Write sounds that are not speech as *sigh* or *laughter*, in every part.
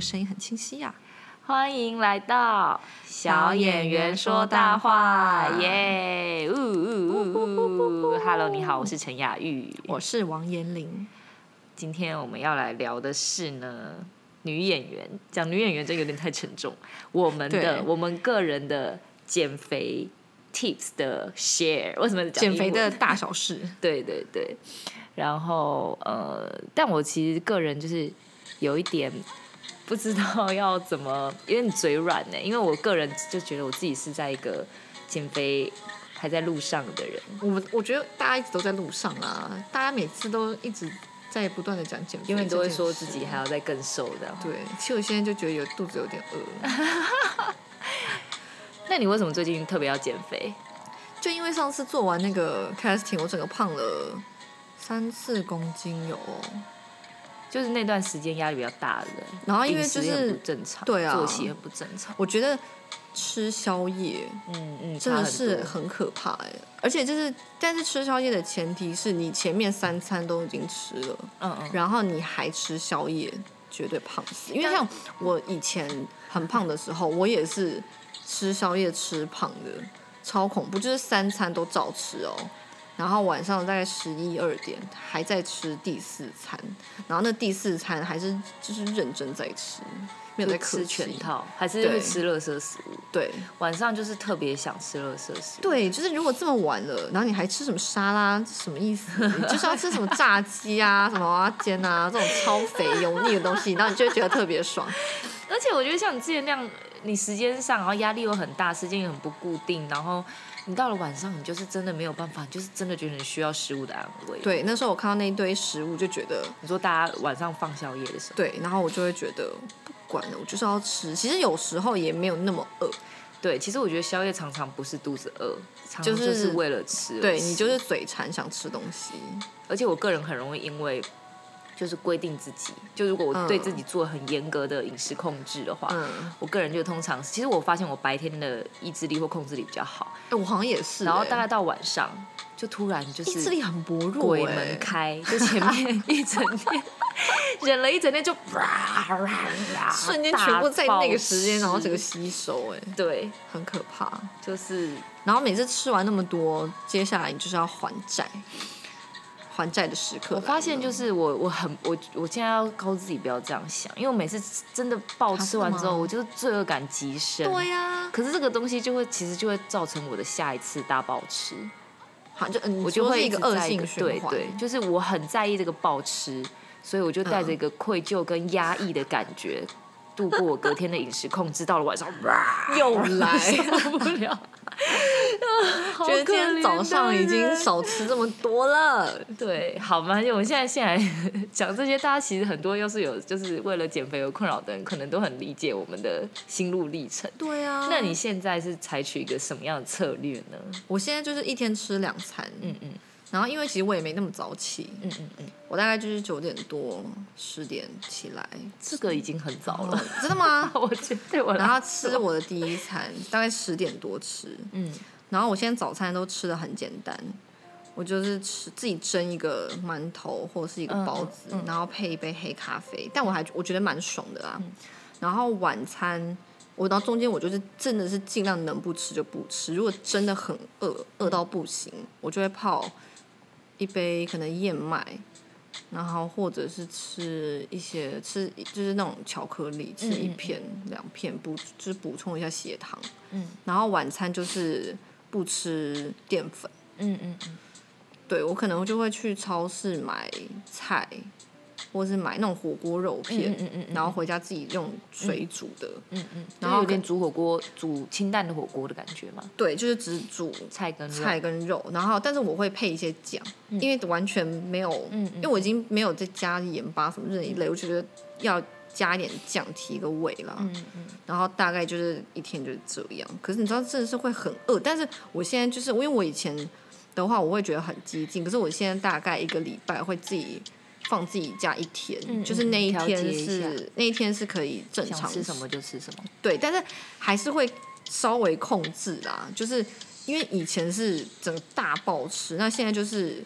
聲音很清晰呀、啊！歡迎來到小演員說大話,說大話耶！Hello，你好，我是陳雅玉，我是王彥霖。今天我們要來聊的是呢，女演員講女演員這有點太沉重。 *laughs* 我們的對我們個人的減肥 tips 的 share，為什麼講減肥的大小事？對對對。然後呃，但我其實個人就是有一點。不知道要怎麼，因為你嘴軟呢。因為我個人就覺得我自己是在一個減肥還在路上的人。我們，我覺得大家一直都在路上啊，大家每次都一直在不斷的講減肥，因為你都會說自己還要再更瘦的。對，其實我現在就覺得有肚子有點餓。 *laughs* *laughs* 那你為什麼最近特別要減肥？就因為上次做完那個 casting，我整個胖了三四公斤有。就是那段時間壓力比較大的，然後因為就是正常，對啊，作息不正常。啊、正常我覺得吃宵夜，真的是很可怕哎。嗯嗯、而且就是，但是吃宵夜的前提是你前面三餐都已經吃了，嗯嗯，然後你還吃宵夜，絕對胖死。因為像我以前很胖的時候，但我也是吃宵夜吃胖的，超恐怖。就是三餐都照吃哦。然後晚上大概十一二點還在吃第四餐，然後那第四餐還是就是認真在吃，沒有在吃全套，還是，是，是吃垃圾食物。對，對晚上就是特別想吃垃圾食物。對，就是如果這麼晚了，然後你還吃什麼沙拉，什麼意思？就是要吃什麼炸雞啊、 *laughs* 什麼娃娃煎啊這種超肥油膩的東西，然後你就會覺得特別爽。而且我覺得像你之前那樣，你時間上然後壓力又很大，時間又很不固定，然後。你到了晚上，你就是真的沒有辦法，就是真的覺得你需要食物的安慰。對，那時候我看到那一堆食物，就覺得你說大家晚上放宵夜的時候，對，然後我就會覺得不管了，我就是要吃。其實有時候也沒有那麼餓，對，其實我覺得宵夜常常不是肚子餓，常常就是為了吃，就是，對你就是嘴饞想吃東西，而且我個人很容易因為。就是規定自己，就如果我對自己做很嚴格的飲食控制的話，嗯、我個人就通常其實我發現我白天的意志力或控制力比較好，欸、我好像也是、欸。然後大概到晚上就突然就是意志力很薄弱、欸，鬼門開，就前面一整天 *laughs* 忍了一整天就 *laughs* 瞬間全部在那個時間，然後整個吸收、欸，哎，對，很可怕。就是然後每次吃完那麼多，接下來你就是要還債。還債的時刻，我發現就是我我很我我現在要告訴自己不要這樣想，因為我每次真的暴吃完之後，我就罪惡感極深。對呀。可是這個東西就會其實就會造成我的下一次大暴吃，好就我就會一,一個惡性循環。對對，就是我很在意這個暴吃，所以我就帶着一個愧疚跟壓抑的感覺。嗯度過我隔天的飲食控制，到了晚上又來， *laughs* 受不了。 *laughs* 覺得今天早上已經少吃這麼多了，對，好嗎？我們現在先來講這些，大家其實很多要是有就是為了減肥而困擾的人，可能都很理解我們的心路歷程。對啊，那你現在是採取一個什麼樣的策略呢？我現在就是一天吃兩餐，嗯嗯。然後因為其實我也沒那麼早起，嗯嗯嗯，嗯嗯，我大概就是九點多十點起來，這個已經很早了，嗯、真的嗎？我覺得對。然後吃我的第一餐 *laughs* 大概十點多吃，嗯，然後我現在早餐都吃得很簡單，我就是吃自己蒸一個饅頭或者是一個包子，嗯嗯、然後配一杯黑咖啡，但我還我覺得蠻爽的啊。嗯、然後晚餐我到中間我就是真的是儘量能不吃就不吃，如果真的很餓、嗯、餓到不行，我就會泡，一杯可能燕麥，然後或者是吃一些吃就是那種巧克力，吃一片、嗯嗯嗯、兩片補就是補充一下血糖。嗯，然後晚餐就是不吃澱粉。嗯嗯嗯，對，我可能就會去超市買菜。或者是買那種火鍋肉片，嗯嗯嗯、然後回家自己用水煮的，嗯嗯，然後有點煮火鍋、煮清淡的火鍋的感覺嘛。對，就是只是煮菜跟菜跟肉，然後但是我會配一些醬，嗯、因為完全沒有，嗯嗯、因為我已經沒有再加鹽巴什麼這一類，嗯、我覺得要加一點醬提個味了、嗯。嗯嗯，然後大概就是一天就是這樣。可是你知道，真的是會很餓。但是我現在就是因為我以前的話，我會覺得很激進，可是我現在大概一個禮拜會自己放自己假一天，嗯、就是那一天是一那一天是可以正常吃，吃什麼就吃什麼。對，但是還是會稍微控制啦，就是因為以前是整個大暴吃，那現在就是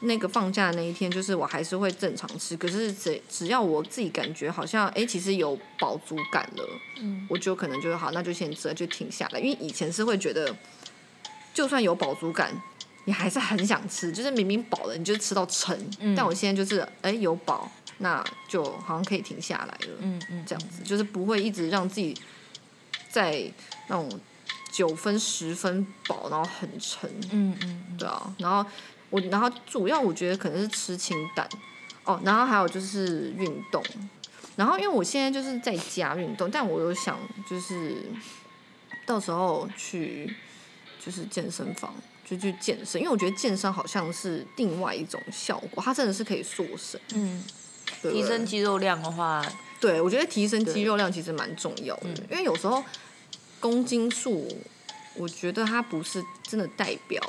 那個放假那一天，就是我還是會正常吃。可是只只要我自己感覺好像哎、欸，其實有飽足感了，嗯、我就可能就是好，那就先吃就停下來。因為以前是會覺得，就算有飽足感。你還是很想吃，就是明明飽了，你就是吃到撐。嗯、但我現在就是，哎、欸，有飽，那就好像可以停下來了。嗯嗯，嗯，這樣子就是不會一直讓自己在那種九分、十分飽，然後很沉、嗯。嗯嗯，對啊。然後我，然後主要我覺得可能是吃清淡。哦，然後還有就是運動。然後因為我現在就是在家運動，但我又想就是到時候去就是健身房。就去健身，因為我覺得健身好像是另外一種效果，它真的是可以塑身。嗯，對提升肌肉量的話，對，我覺得提升肌肉量其實蠻重要的，對因為有時候公斤數，我覺得它不是真的代表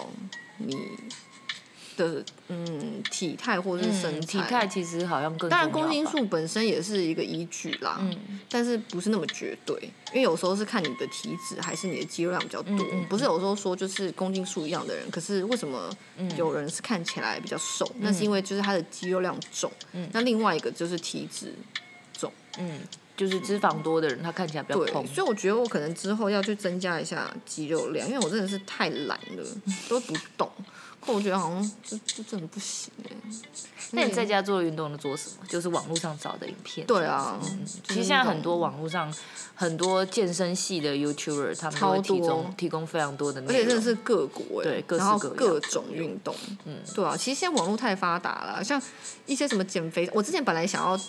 你。的嗯體態或者是身材，嗯、體體態其實好像更好。當然公斤數本身也是一個依據啦，嗯、但是不是那麼絕對，因為有時候是看你的體脂還是你的肌肉量比較多，嗯嗯，不是有時候說就是公斤數一樣的人，嗯、可是為什麼有人是看起來比較瘦，嗯、那是因為就是他的肌肉量重，嗯、那另外一個就是體脂重，嗯，嗯就是脂肪多的人他看起來比較胖。對。所以我覺得我可能之後要去增加一下肌肉量，因為我真的是太懶了， *laughs* 都不動。我覺得好像就就真的不行哎。那你在家做運動的做什麼？就是網絡上找的影片是不是？對啊，其實現在很多網絡上動很多健身系的 YouTuber，他們都會提供多提供非常多的，而且真的是各國。對，各、然後各種運動，嗯，對啊。其實現在網絡太發達了，像一些什麼減肥，我之前本來想要。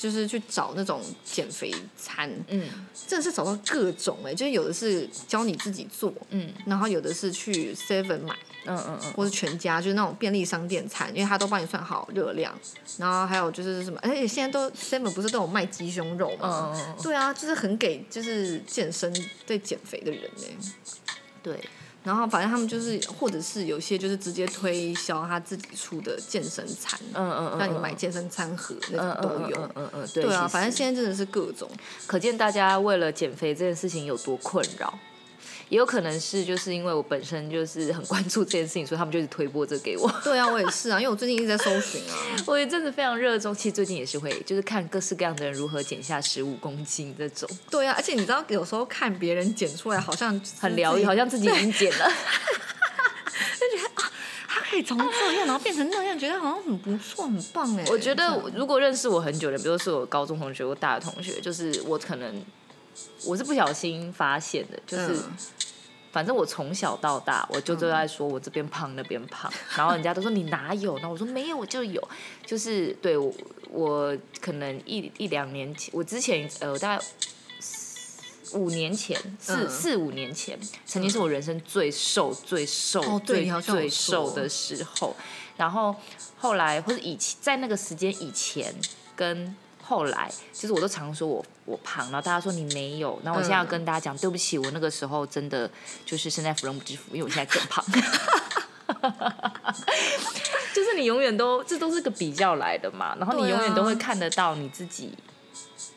就是去找那種減肥餐，嗯，真的是找到各種哎、欸，就是有的是教你自己做，嗯，然後有的是去 Seven 買，嗯嗯嗯，嗯嗯或是全家，就是那種便利商店餐，因為他都幫你算好熱量，然後還有就是什麼，而、欸、且現在都 Seven 不是都有賣雞胸肉嘛，嗯、對啊，就是很給就是健身對減肥的人哎、欸，對。然後，反正他們就是，或者是有些就是直接推銷他自己出的健身餐，嗯嗯嗯，讓你買健身餐盒，那種都有，嗯嗯，嗯，嗯，嗯對，對啊，其實，反正現在真的是各種，可見大家為了減肥這件事情有多困擾。也有可能是，就是因為我本身就是很關注這件事情，所以他們就是推播這給我。對啊，我也是啊， *laughs* 因為我最近一直在搜尋啊，我也真的非常熱衷，其實最近也是會，就是看各式各樣的人如何減下十五公斤這種。對啊，而且你知道，有時候看別人減出來，好像很療癒，好像自己已經減了，對 *laughs* 就覺得啊，他可以從這樣然後變成那樣，啊、覺得好像很不錯，很棒哎。我覺得如果認識我很久的，比如說是我高中同學或大學同學，就是我可能。我是不小心發現的，就是，嗯、反正我從小到大，我就都在說我這邊胖，嗯、那邊胖，然後人家都說你哪有呢？然後我說沒有，我就有，就是對我，我可能一一兩年前，我之前呃大概四五年前，嗯、四四五年前，曾經是我人生最瘦最瘦，哦、對，最最瘦的時候，然後後來或者以前在那個時間以前跟。後來，就是我都常說我我胖，然後大家說你沒有，然後我現在要跟大家講，嗯、對不起，我那個時候真的就是身在福中不知福，因為我現在更胖， *laughs* *laughs* 就是你永遠都這都是個比較來的嘛，然後你永遠都會看得到你自己。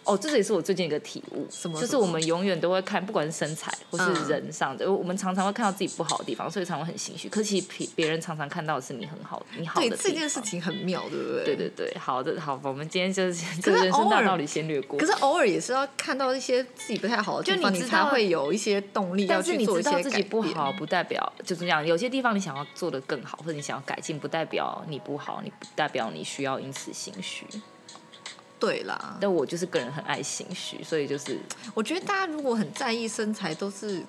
哦，這也是我最近一個體悟，什麼？就是我們永遠都會看，不管是身材或是人上的，嗯、我們常常會看到自己不好的地方，所以常會很心虛。可是其實別別人常常看到的是你很好，你好的。對，這件事情很妙，對不對？對對，對，好的，好，我們今天就是人生大道理先略過。可是，可是偶爾也是要看到一些自己不太好的地方，就你，你才會有一些動力要去做一些改變。但是你知道自己不好，不代表就怎、是、麼樣？有些地方你想要做得更好，或者你想要改進，不代表你不好，你不代表你需要因此心虛。對啦，但我就是個人很愛心虛，所以就是我覺得大家如果很在意身材，都是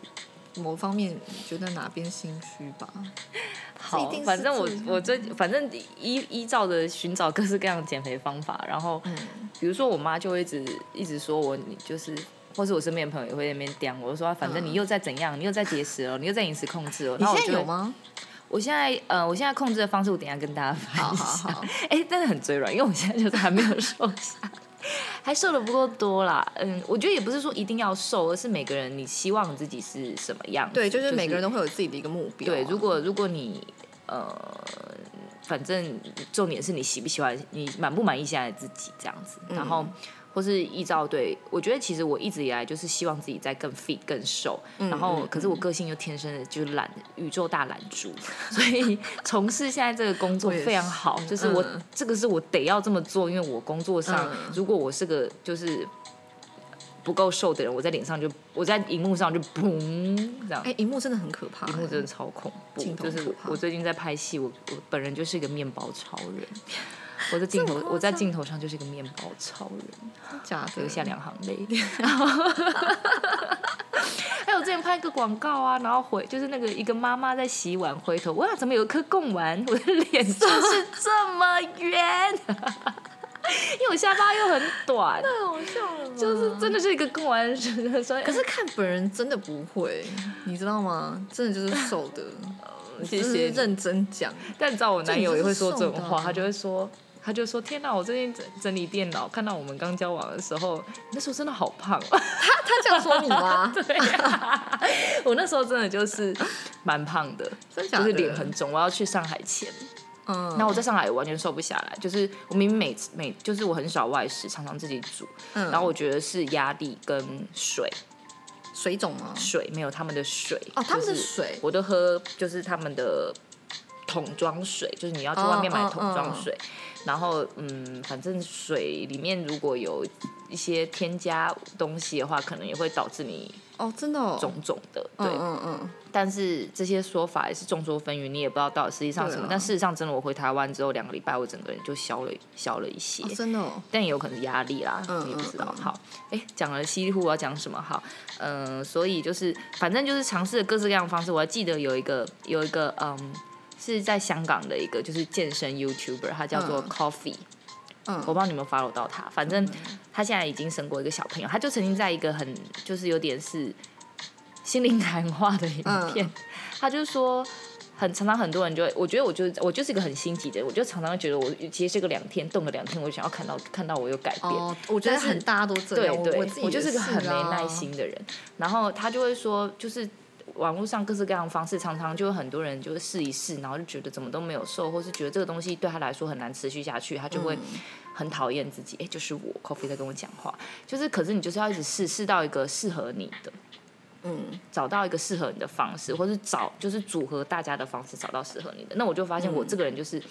某方面覺得哪邊心虛吧。 *laughs* 好，反正我我最反正依依照着尋找各式各樣減肥方法，然後、嗯、比如說我媽就會一直一直說我，你就是，或是我身邊的朋友也會在那邊刁我就說、啊，說反正你又在怎樣，嗯、你又在節食了、哦，你又在飲食控制了，你現在有嗎？我現在呃，我現在控制的方式，我等一下跟大家分享哎，真的、欸、很嘴軟，因為我現在就是還沒有瘦下， *laughs* 還瘦得不夠多啦。嗯，我覺得也不是說一定要瘦，而是每個人你希望自己是什麼樣。對，就是每個人都會有自己的一個目標。就是、對，如果如果你呃，反正重點是你喜不喜歡，你滿不滿意現在自己這樣子，然後。嗯或是依照對，我覺得其實我一直以來就是希望自己再更 fit、更瘦，嗯、然後可是我個性又天生的、嗯、就是懶，宇宙大懶豬， *laughs* 所以從事現在這個工作非常好，oh, yes. 就是我、嗯、這個是我得要這麼做，因為我工作上、嗯、如果我是個就是不夠瘦的人，我在臉上就我在熒幕上就嘣這樣，哎、欸，熒幕真的很可怕，熒幕真的超恐怖，就是我最近在拍戲，我我本人就是一個麵包超人。我的鏡頭，我在鏡頭上就是一個麵包超人，這樣子流下兩行淚。然後、 *laughs* *laughs* 欸，還有我之前拍一個廣告啊，然後回就是那個一個媽媽在洗碗，回頭哇，怎麼有一顆貢丸？我的臉就是這麼圓、啊， *laughs* 因為我下巴又很短，太好笑了。就是真的是一個貢丸人，所 *laughs* 以可是看本人真的不會，你知道嗎？真的就是瘦的。 *laughs* 謝謝認真講，但你知道我男友也會說這種話，他就會說、啊，他就說：“天哪，我最近整整理電腦，看到我們剛交往的時候，那時候真的好胖哦。他”他他這樣說你嗎？ *laughs* 對呀、啊，我那時候真的就是 *laughs* 蠻胖的，的就是臉很腫。我要去上海前，嗯，那我在上海完全瘦不下來，就是我明明每次每就是我很少外食，常常自己煮，嗯、然後我覺得是壓力跟水。水腫嗎？水沒有他們的水哦，他們的水，我都喝就是他們的桶裝水，就是你要去外面買桶裝水，oh, oh, oh, oh. 然後嗯，反正水裡面如果有一些添加東西的話，可能也會導致你。Oh, 哦，真的，種種的，對，嗯嗯嗯。嗯嗯，但是這些說法也是眾說紛紜，你也不知道到底實際上什麼。啊、但事實上，真的，我回台灣之後兩個禮拜，我整個人就消了，消了一些。哦、真的、哦。但也有可能是壓力啦，嗯、你不知道。嗯嗯、好，哎、欸，講了西湖，我要講什麼好？嗯，所以就是，反正就是嘗試各式各樣的方式。我還記得有一個，有一個，嗯，是在香港的一個，就是健身 YouTuber，他叫做 Coffee、嗯。嗯、我不知道你們有沒有 follow 到他，反正他現在已經生過一個小朋友。他就曾經在一個很就是有點是心靈談話的影片，嗯、他就是說很常常很多人就會，我覺得我就是我就是一個很心急的人，我就常常會覺得我其實這個兩天動了兩天，天我就想要看到看到我有改變。哦、我覺得是但是很大家都這樣，對對對我、啊、我就是個很沒耐心的人。然後他就會說就是。網絡上各式各樣的方式，常常就有很多人就會試一試，然後就覺得怎麼都沒有瘦，或是覺得這個東西對他來說很難持續下去，他就會很討厭自己。哎、嗯欸，就是我 coffee *noise* 在跟我講話，就是可是你就是要一直試，試到一個適合你的，嗯，找到一個適合你的方式，或是找就是組合大家的方式，找到適合你的。那我就發現我這個人就是，嗯、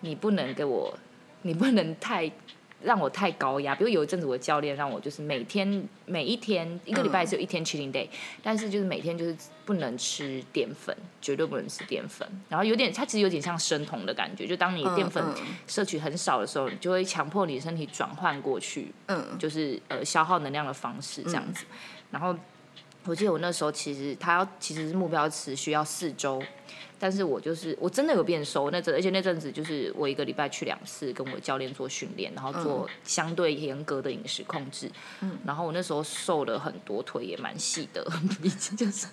你不能給我，你不能太。讓我太高壓，比如有一陣子，我的教練讓我就是每天，每一天一個禮拜只有一天 cheating day，、嗯、但是就是每天就是不能吃澱粉，絕對不能吃澱粉。然後有點，它其實有點像生酮的感覺，就當你澱粉攝取很少的時候，你就會強迫你身體轉換過去，嗯，就是呃消耗能量的方式這樣子。嗯、然後我記得我那時候其實他要，其實是目標持續要四周。但是我就是我真的有變瘦那陣，而且那陣子就是我一個禮拜去兩次，跟我教練做訓練，然後做相對嚴格的飲食控制。嗯，然後我那時候瘦了很多，腿也蠻細的，鼻 *laughs* 子就是。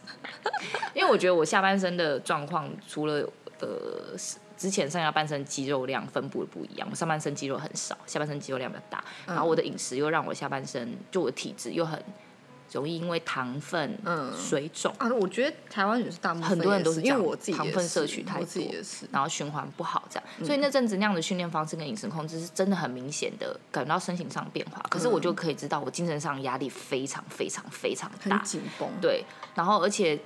因為我覺得我下半身的狀況，除了呃，之前上下半身肌肉量分布不一樣，我上半身肌肉很少，下半身肌肉量比較大。然後我的飲食又讓我下半身，就我的體質又很。容易因為糖分水腫啊，我覺得台灣人是大，很多人都是糖分，因為我自己糖分攝取太多，然後循環不好這樣，嗯、所以那陣子那樣的訓練方式跟飲食控制是真的很明顯的感到身形上變化，嗯、可是我就可以知道我精神上壓力非常非常非常大，很緊繃，對，然後而且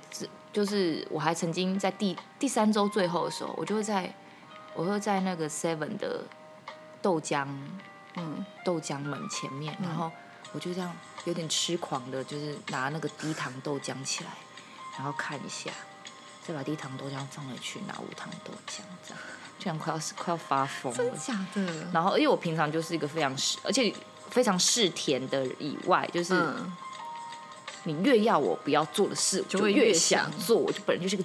就是我還曾經在第第三周最後的時候，我就會在，我會在那個 seven 的豆漿，嗯，豆漿門前面，嗯、然後。我就這樣有點癡狂的，就是拿那個低糖豆漿起來，然後看一下，再把低糖豆漿放回去，拿無糖豆漿這樣，這樣快要快要發瘋了。真的假的？然後，而且我平常就是一個非常嗜而且非常嗜甜的以外，就是、嗯、你越要我不要做的事，就越想做。我就本來就是一個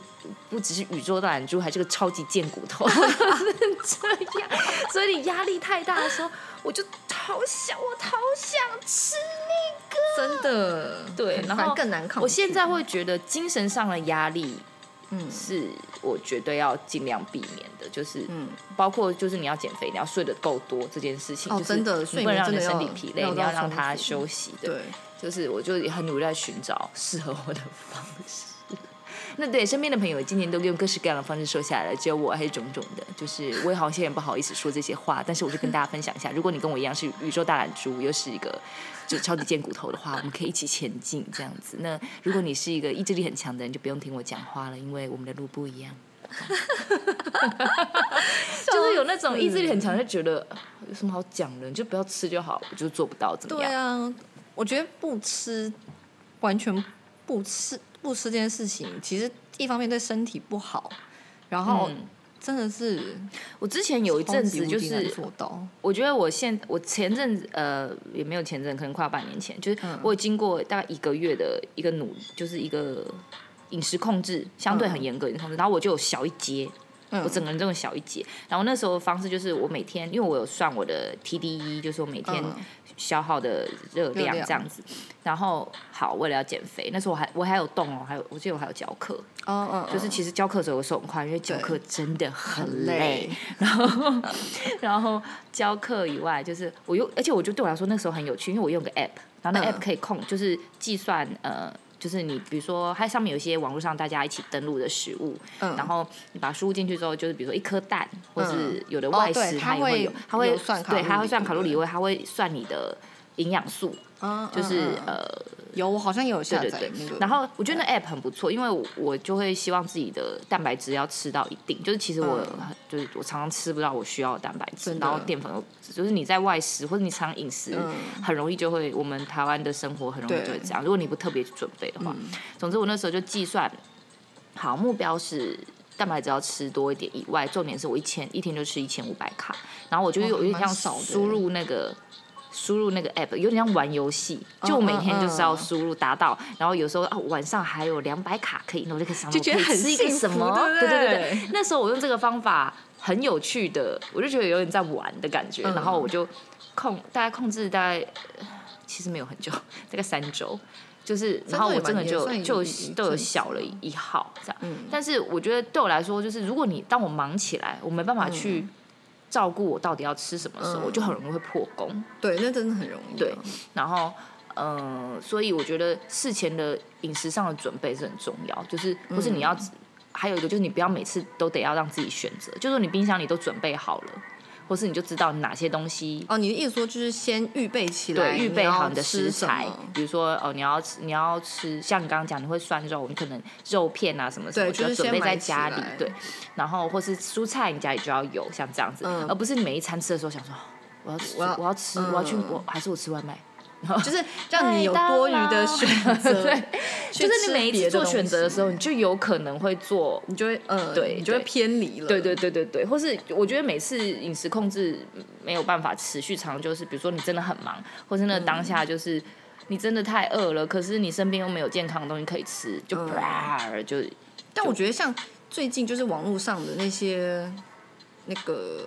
不只是宇宙大懶豬，還是一個超級賤骨頭，這樣。所以你壓力太大的時候，我就。好想，我好想吃那個。真的，對，然後很更難扛。我現在會覺得精神上的壓力，嗯，是我絕對要儘量避免的。就是，嗯，包括就是你要減肥，你要睡得夠多這件事情，哦就是，真的，所以不能讓你身體疲累，你要讓他休息的。對，就是我就也很努力在尋找適合我的方式。那對身邊的朋友，今年都用各式各樣的方式瘦下來了，只有我還是重重的。就是我也好像也不好意思說這些話，但是我就跟大家分享一下。如果你跟我一樣是宇宙大懶豬，又是一個就超級賤骨頭的話，我們可以一起前進這樣子。那如果你是一個意志力很強的人，就不用聽我講話了，因為我們的路不一樣。 *laughs* *laughs* 就是有那種意志力很強，就、嗯、覺得有什麼好講的，你就不要吃就好。我就做不到，怎麼樣？對啊，我覺得不吃，完全不吃。不吃這件事情，其實一方面對身體不好，然後真的是，嗯、真的是我之前有一陣子，就是我覺得我現在我前陣子呃，也沒有前陣，可能快要半年前，就是我有經過大概一個月的一個努，就是一個飲食控制相對很嚴格的控制，嗯、然後我就有小一節，我整個人這麼小一節、嗯、然後那時候的方式就是我每天，因為我有算我的 TDE，就是我每天。嗯消耗的熱量這樣子，然後好，為了要減肥，那時候我還我還有動哦，還有我記得我還有教課，哦哦，就是其實教課的時候我手很快，因為教課真的很累，然後然後教課以外，就是我又而且我覺得對我來說那時候很有趣，因為我用個 app，然後那 app 可以控，就是計算呃。就是你，比如說，它上面有一些網絡上大家一起登錄的食物，嗯、然後你把它輸入進去之後，就是比如說一顆蛋，嗯、或是有的外食，它也會有，它會算卡路里，對，它會算卡路里，它會算你的營養素。嗯、就是、嗯、呃，有我好像有下載，對，對，對。那個、然後我覺得那 app 很不錯，因為我就會希望自己的蛋白質要吃到一定，就是其實我、嗯、就是我常常吃不到我需要的蛋白質，的然後澱粉就是你在外食或者你常飲食，嗯、很容易就會我們台灣的生活很容易就會這樣，對如果你不特別去準備的話。嗯、總之我那時候就計算，好目標是蛋白質要吃多一點以外，重點是我一千一天就吃一千五百卡，然後我就有這樣、哦、輸入那個。輸入那個 app 有點像玩遊戲，就我每天就是要輸入達到，oh, uh, uh. 然後有時候啊晚上還有兩百卡可以這個，那我就可上路，一個什麼對,對對對。那時候我用這個方法很有趣的，我就覺得有點在玩的感覺，嗯，然後我就控大概控制大概其實沒有很久，大概三周，就是然後我真的就這對就都有小了一號這樣。嗯，但是我覺得對我來說，就是如果你當我忙起來，我沒辦法去。嗯照顧我到底要吃什麼時候，嗯、我就很容易會破功。對，那真的很容易、啊。對，然後，嗯、呃，所以我覺得事前的飲食上的準備是很重要，就是不是你要，嗯、還有一個就是你不要每次都得要讓自己選擇，就說、是、你冰箱裡都準備好了。或是你就知道哪些東西哦，你的意思說就是先預備起來，對你要 預備好你的食材，比如說哦，你要吃你要吃，像你剛剛講你會涮肉，你可能肉片啊什麼什麼，對就得、是、準備在家裡，對，然後或是蔬菜你家裡就要有，像這樣子，嗯、而不是你每一餐吃的時候想說我要我要吃我要去我，還是我吃外賣。 *laughs* 就是讓你有多餘的選擇， *laughs* 就是你每一次做選擇的時候，你就有可能會做，你就會呃對你就會偏離了，對，對對對對對，或是我覺得每次飲食控制沒有辦法持續長久，是比如說你真的很忙，或是那當下就是你真的太餓了，嗯、可是你身邊又沒有健康的東西可以吃，就不、嗯、就。就但我覺得像最近就是網絡上的那些那個。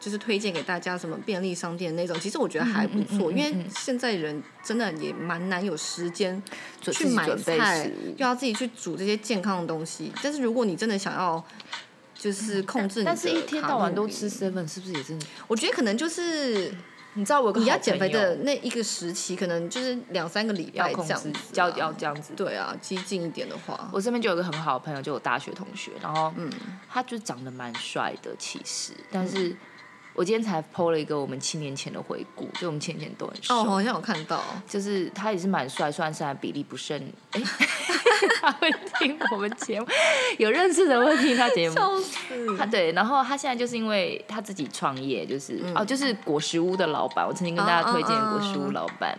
就是推薦給大家什麼便利商店那種，其實我覺得還不錯，因為現在人真的也蠻難有時間去買菜，備又要自己去煮這些健康的東西。但是如果你真的想要，就是控制你，但是一天到晚都吃 seven，是不是也是？我覺得可能就是你知道我，我你要減肥的那一個時期，可能就是兩三個禮拜這樣子要控制，要要這樣子。對啊，激進一點的話，我身邊就有一個很好的朋友，就有大學同學，然後嗯，他就長得蠻帥的，其實，但是。嗯我今天才 po 了一個我們七年前的回顧，就我們前年都很熟哦，我好像有看到、哦，就是他也是蠻帥，雖然現在比例不甚。哎、欸， *laughs* *laughs* 他會聽我們節目，有認識的會聽他節目，就是、他對，然後他現在就是因為他自己創業，就是、嗯、哦，就是果實屋的老闆。我曾經跟大家推薦果實屋老闆，uh, uh, uh.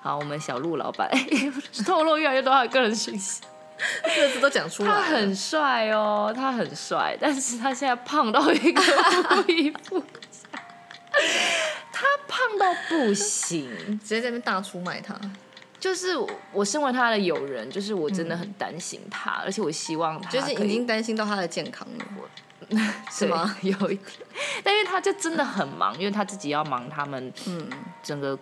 好，我們小鹿老闆、欸，透露越來越多他的個人信息，這次都講出來了。他很帥哦，他很帥，但是他現在胖到一個不一。不。 *laughs* *laughs* *laughs* 他胖到不行，直接在那邊大出賣他。就是我身為他的友人，就是我真的很擔心他，嗯、而且我希望他就是已經擔心到他的健康了。我是嗎？有一點。但是他就真的很忙，嗯、因為他自己要忙他們，嗯，整個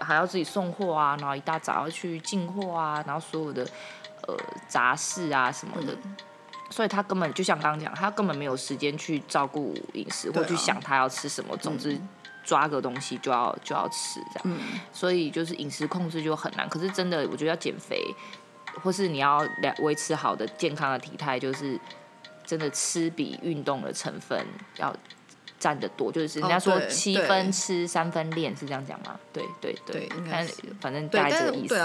還要自己送貨啊，然後一大早要去進貨啊，然後所有的呃雜事啊什麼的。嗯所以他根本就像剛剛講，他根本沒有時間去照顧飲食，啊、或去想他要吃什麼。總之，抓個東西就要就要吃這樣。嗯、所以就是飲食控制就很難。可是真的，我覺得要減肥，或是你要維持好的健康的體態，就是真的吃比運動的成分要。佔得多，就是人家說七分吃三分練。是這樣講嗎？對對對，但反正大概這個意思。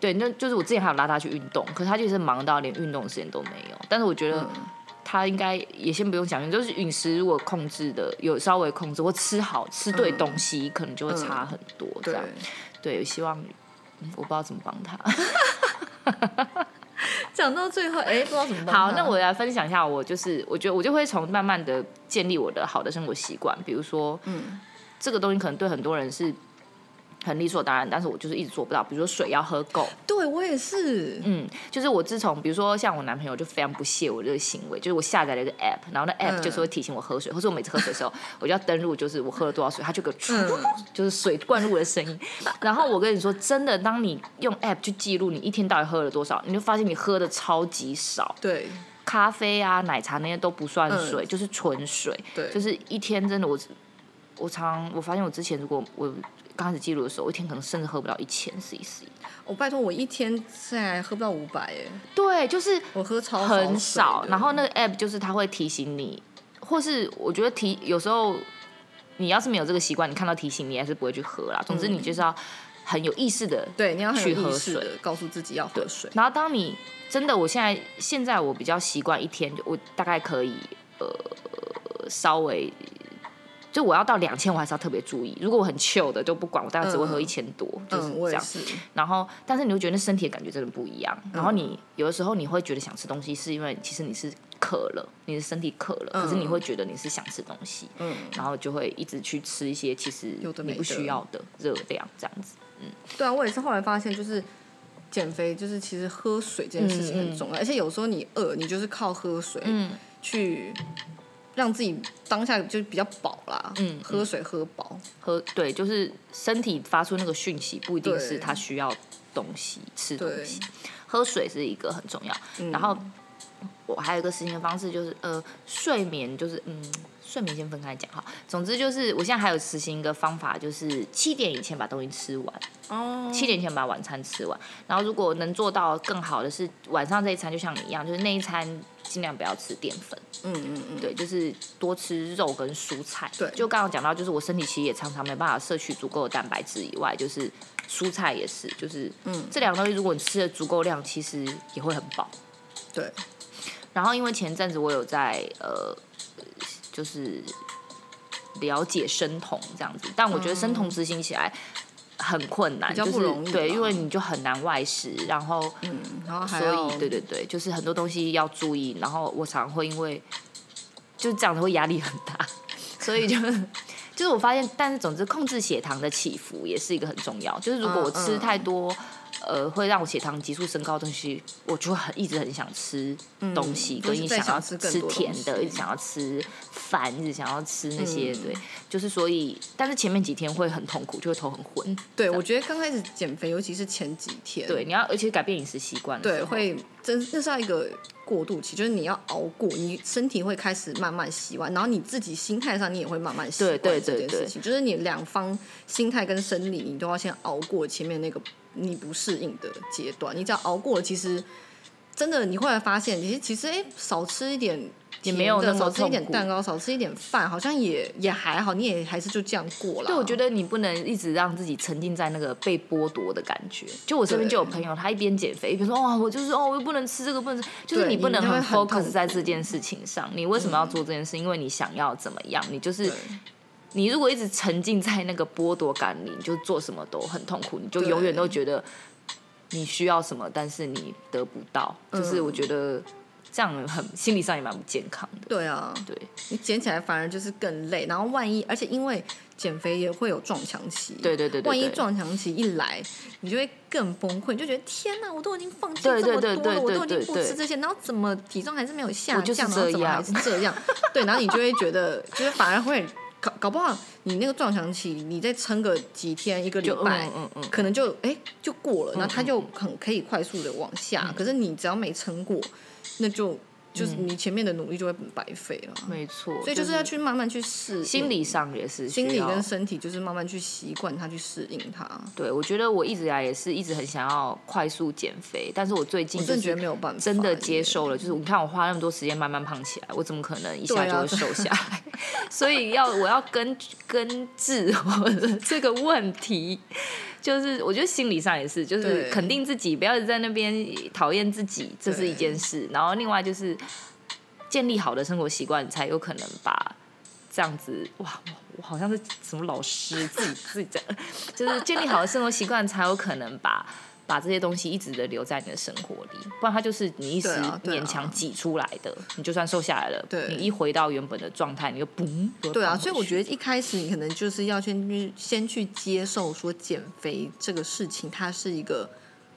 對，那就是我之前還有拉他去運動，可是他就是忙到連運動時間都沒有。但是我覺得他應該也先不用講，就是飲食如果控制的有稍微控制或吃好吃對東西，可能就會差很多這樣。對，希望，我不知道怎麼幫他。講到最後，哎，不知道怎麼辦啊。好，那我來分享一下，我就是，我覺得我就會從慢慢的建立我的好的生活習慣，比如說，嗯，這個東西可能對很多人是。很理所當然，但是我就是一直做不到。比如說水要喝夠，對我也是。嗯，就是我自從，比如說像我男朋友就非常不屑我這個行為，就是我下載了一個 app，然後那 app 就是會提醒我喝水，嗯、或者我每次喝水的時候， *laughs* 我就要登錄，就是我喝了多少水，它就個，嗯、 *laughs* 就是水灌入我的聲音。然後我跟你說，真的，當你用 app 去記錄你一天到底喝了多少，你就發現你喝的超級少。對，咖啡啊、奶茶那些都不算水，嗯、就是純水。對，就是一天真的我，我我常我發現我之前如果我。剛開始記錄的時候，我一天可能甚至喝不到一千 cc。我、哦、拜託，我一天才喝不到五百耶。對，就是我喝超很少。然後那個 app 就是它會提醒你，或是我覺得提有時候你要是沒有這個習慣，你看到提醒你還是不會去喝啦。總之你就是要很有意識的。對，你要去喝水，告訴自己要喝水。然後當你真的，我現在現在我比較習慣一天，我大概可以呃稍微。就我要到兩千，我還是要特別注意。如果我很糗的，就不管我，大概只會喝一千多，嗯、就是這樣。嗯、然後，但是你會覺得那身體的感覺真的不一樣。然後你、嗯、有的時候你會覺得想吃東西，是因為其實你是渴了，你的身體渴了，嗯、可是你會覺得你是想吃東西，嗯，然後就會一直去吃一些其實你不需要的熱量，這樣子。的的嗯，對啊，我也是後來發現，就是減肥，就是其實喝水這件事情很重要，嗯嗯、而且有時候你餓，你就是靠喝水去、嗯。讓自己當下就比較飽啦嗯，嗯，喝水喝飽，喝對，就是身體發出那個訊息，不一定是他需要東西對吃東西，對喝水是一個很重要。嗯、然後我還有一個實行的方式就是，呃，睡眠就是嗯。睡眠，先分開講哈，總之就是我現在還有實行一個方法，就是七點以前把東西吃完，七點前把晚餐吃完。然後如果能做到更好的是晚上這一餐，就像你一樣，就是那一餐盡量不要吃澱粉。嗯嗯嗯。對，就是多吃肉跟蔬菜。對。就剛剛講到，就是我身體其實也常常沒辦法攝取足夠的蛋白質以外，就是蔬菜也是，就是嗯，這兩個東西如果你吃的足夠量，其實也會很飽。對。然後因為前陣子我有在呃。就是了解生酮這樣子，但我覺得生酮實行起來很困難，嗯、不容易就是對，因為你就很難外食，然後嗯，然後還所以對對對，就是很多東西要注意，然後我常常會因為就這樣子會壓力很大，所以就 *laughs* 就是我發現，但是總之控制血糖的起伏也是一個很重要，就是如果我吃太多。嗯嗯呃，會讓我血糖急速升高的東西，我就很一直很想吃東西，所以一直想要吃甜的，是更多一直想要吃飯，一直想要吃那些，嗯、對，就是所以，但是前面幾天會很痛苦，就會頭很昏，嗯。對，樣我覺得剛開始減肥，尤其是前幾天，對，你要，而且改變飲食習慣，對，會真這是要一個過渡期，就是你要熬過，你身體會開始慢慢習慣，然後你自己心態上你也會慢慢習慣這件事情，對對對對對，就是你兩方心態跟生理，你都要先熬過前面那個。你不適應的階段，你只要熬過了，其實真的，你會發現，其實其實哎，少吃一點，也沒有那麼痛苦。少吃一點蛋糕，少吃一點飯，好像也也還好，你也還是就這樣過了。對，我覺得你不能一直讓自己沉浸在那個被剝奪的感覺。就我身邊就有朋友，對他一邊減肥一邊說：“哇、哦，我就是哦，我又不能吃這個，不能吃。”就是你不能很 focus 在這件事情上。你為什麼要做這件事？嗯、因為你想要怎麼樣？你就是。你如果一直沉浸在那個剝奪感裡，你就做什麼都很痛苦，你就永遠都覺得你需要什麼，但是你得不到。就是我覺得這樣很心理上也蠻不健康的。對啊，對，你減起來反而就是更累。然後萬一，而且因為減肥也會有撞牆期，對對對，萬一撞牆期一來，你就會更崩潰，你就覺得天哪，我都已經放棄這麼多了，我都已經不吃這些，然後怎麼體重還是沒有下降，然後怎麼還是這樣？對，然後你就會覺得，就是反而會。搞搞不好，你那個撞牆期，你再撐個幾天一個禮拜，嗯嗯嗯嗯可能就哎、欸、就過了，那、嗯嗯嗯、它就很可以快速的往下。嗯嗯嗯可是你只要沒撐過，那就。就是你前面的努力就會白費了，沒錯、嗯。所以就是要去慢慢去試，心理上也是，心理跟身體就是慢慢去習慣它，去適應它。對，我覺得我一直來也是一直很想要快速減肥，但是我最近就真的真的覺得沒有辦法，真的接受了。就是你看我花那麼多時間慢慢胖起來，我怎麼可能一下就會瘦下來？啊、所以要我要根根治我的這個問題。就是我覺得心理上也是，就是肯定自己，不要在那邊討厭自己，這是一件事。對然後另外就是建立好的生活習慣，才有可能把這樣子。哇，我,我好像是什麼老師自己 *laughs* 自己講，就是建立好的生活習慣才有可能把。把這些東西一直的留在你的生活裡，不然它就是你一時勉強擠出來的。啊啊、你就算瘦下來了，對你一回到原本的狀態，你就嘣。對啊，所以我覺得一開始你可能就是要先先去接受說減肥這個事情，它是一個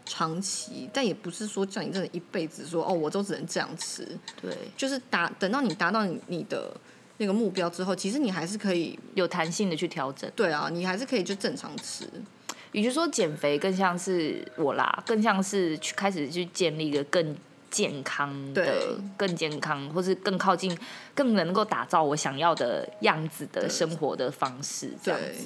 長期，但也不是說叫你真的一輩子說哦，我都只能這樣吃。對，就是達等到你達到你，你的那個目標之後，其實你還是可以有彈性的去調整。對啊，你還是可以就正常吃。也就是說，減肥更像是我啦，更像是去開始去建立一個更健康的、對更健康，或是更靠近、更能夠打造我想要的樣子的生活的方式，對這樣子。對，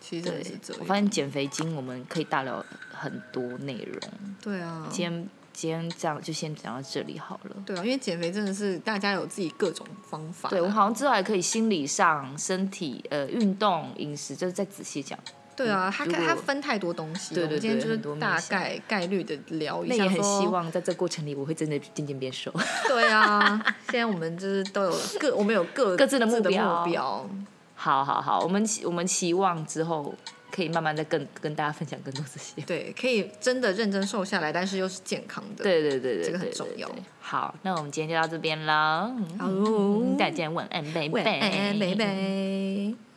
其實是這樣。我發現減肥經我們可以大聊很多內容。對啊。今天今天這樣就先講到這裡好了。對啊，因為減肥真的是大家有自己各種方法。對，我好像之後還可以心理上、身體、呃、運動、飲食，就是再仔細講。對啊他，他分太多東西，對對對我們今天就是大概概率的聊一下。那也很希望在這個過程裡，我會真的漸漸變瘦。 *laughs* 對啊，現在我們就是都有各，我們有各自的目標。的目標好好好，我們期我們期望之後可以慢慢的跟跟大家分享更多這些。對，可以真的認真瘦下來，但是又是健康的。對對對,對,對,對,對,對,對這個很重要對對對對。好，那我們今天就到這邊啦。好囉，大家晚安，拜、嗯、拜。晚安拜拜，拜拜。